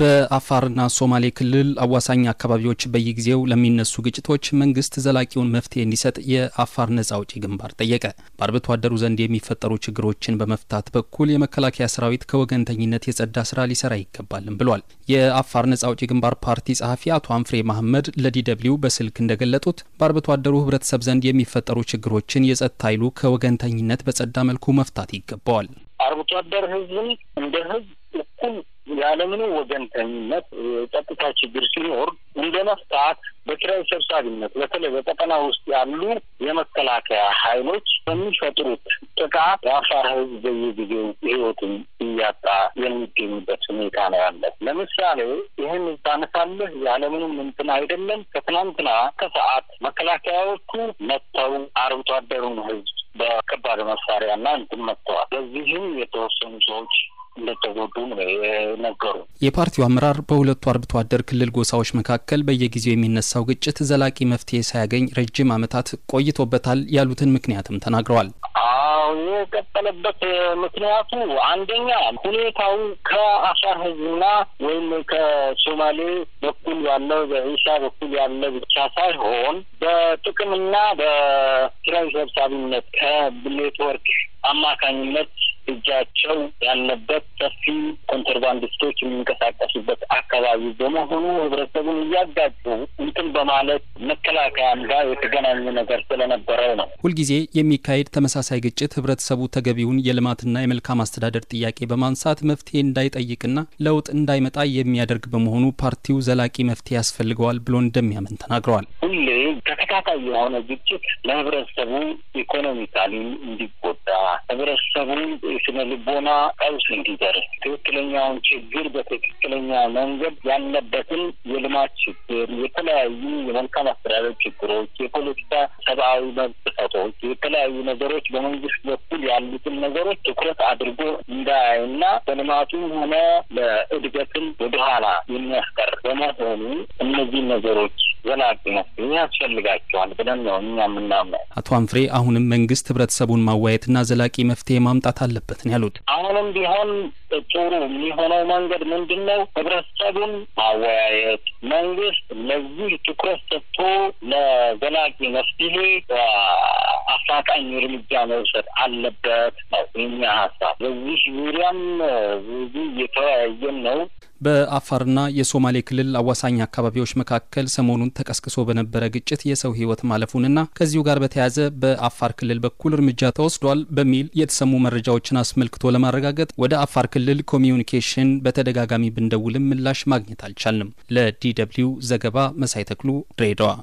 በአፋርና ሶማሌ ክልል አዋሳኝ አካባቢዎች በየጊዜው ለሚነሱ ግጭቶች መንግስት ዘላቂውን መፍትሄ እንዲሰጥ የአፋር ነጻ አውጪ ግንባር ጠየቀ። በአርብቶ አደሩ ዘንድ የሚፈጠሩ ችግሮችን በመፍታት በኩል የመከላከያ ሰራዊት ከወገንተኝነት የጸዳ ስራ ሊሰራ ይገባልም ብሏል። የአፋር ነጻ አውጪ ግንባር ፓርቲ ጸሐፊ አቶ አንፍሬ መሐመድ ለዲደብሊው በስልክ እንደገለጡት በአርብቶ አደሩ ህብረተሰብ ዘንድ የሚፈጠሩ ችግሮችን የጸጥታ ኃይሉ ከወገንተኝነት በጸዳ መልኩ መፍታት ይገባዋል። አርብቶ አደር ህዝብን እንደ ህዝብ እኩል ያለምንም ወገንተኝነት የጸጥታ ችግር ሲኖር እንደ መፍታት በኪራይ ሰብሳቢነት በተለይ በቀጠና ውስጥ ያሉ የመከላከያ ኃይሎች በሚፈጥሩት ጥቃት የአፋር ሕዝብ በየጊዜው ሕይወቱን እያጣ የሚገኝበት ሁኔታ ነው ያለ። ለምሳሌ ይህን ታነሳለህ ያለምንም እንትን አይደለም። ከትናንትና ከሰዓት መከላከያዎቹ መጥተው አርብቶ አደሩን ሕዝብ በከባድ መሳሪያና እንትን መጥተዋል። በዚህም የተወሰኑ ሰዎች እንደተጎዱም ነገሩ የፓርቲው አመራር በሁለቱ አርብቶ አደር ክልል ጎሳዎች መካከል በየጊዜው የሚነሳው ግጭት ዘላቂ መፍትሄ ሳያገኝ ረጅም ዓመታት ቆይቶበታል ያሉትን ምክንያትም ተናግረዋል። የቀጠለበት ምክንያቱ አንደኛ ሁኔታው ከአፋር ህዝብና ወይም ከሶማሌ በኩል ያለው በኢሳ በኩል ያለ ብቻ ሳይሆን በጥቅምና በኪራይ ሰብሳቢነት ከብሌት ወርቅ አማካኝነት እጃቸው ያለበት ሰፊ ኮንትርባንዲስቶች የሚንቀሳቀሱበት አካባቢ በመሆኑ ህብረተሰቡን እያጋጩ እንትን በማለት መከላከያም ጋር የተገናኙ ነገር ስለነበረው ነው። ሁልጊዜ የሚካሄድ ተመሳሳይ ግጭት ህብረተሰቡ ተገቢውን የልማትና የመልካም አስተዳደር ጥያቄ በማንሳት መፍትሄ እንዳይጠይቅና ለውጥ እንዳይመጣ የሚያደርግ በመሆኑ ፓርቲው ዘላቂ መፍትሄ ያስፈልገዋል ብሎ እንደሚያምን ተናግረዋል። ሁሌ ተከታታይ የሆነ ግጭት ለህብረተሰቡ ኢኮኖሚካሊ እንዲጎ ህብረተሰቡን ስነ ልቦና ቀውስ እንዲደርስ ትክክለኛውን ችግር በትክክለኛ መንገድ ያለበትን የልማት ችግር፣ የተለያዩ የመልካም አስተዳደር ችግሮች፣ የፖለቲካ ሰብአዊ መብት ጥሰቶች፣ የተለያዩ ነገሮች በመንግስት በኩል ያሉትን ነገሮች ትኩረት አድርጎ እንዳያይና በልማቱ ሆነ ለእድገትን ወደኋላ የሚያስቀር በመሆኑ እነዚህን ነገሮች ዘላቂነት ያስፈልጋቸዋል ብለን ነው እኛ የምናምነው። አቶ አንፍሬ አሁንም መንግስት ህብረተሰቡን ማዋየትና ዘላቂ መፍትሄ ማምጣት አለበት ነው ያሉት። አሁንም ቢሆን ጥሩ የሚሆነው መንገድ ምንድን ነው? ህብረተሰቡን ማወያየት፣ መንግስት ለዚህ ትኩረት ሰጥቶ ለዘላቂ መፍትሄ አፋጣኝ እርምጃ መውሰድ አለበት ነው የኛ ሀሳብ። በዚህ ዙሪያም ብዙ እየተወያየን ነው። በአፋርና የሶማሌ ክልል አዋሳኝ አካባቢዎች መካከል ሰሞኑን ተቀስቅሶ በነበረ ግጭት የሰው ሕይወት ማለፉንና ከዚሁ ጋር በተያያዘ በአፋር ክልል በኩል እርምጃ ተወስዷል በሚል የተሰሙ መረጃዎችን አስመልክቶ ለማረጋገጥ ወደ አፋር ክልል ኮሚዩኒኬሽን በተደጋጋሚ ብንደውልም ምላሽ ማግኘት አልቻልንም። ለዲ ደብልዩ ዘገባ መሳይ ተክሉ ድሬዳዋ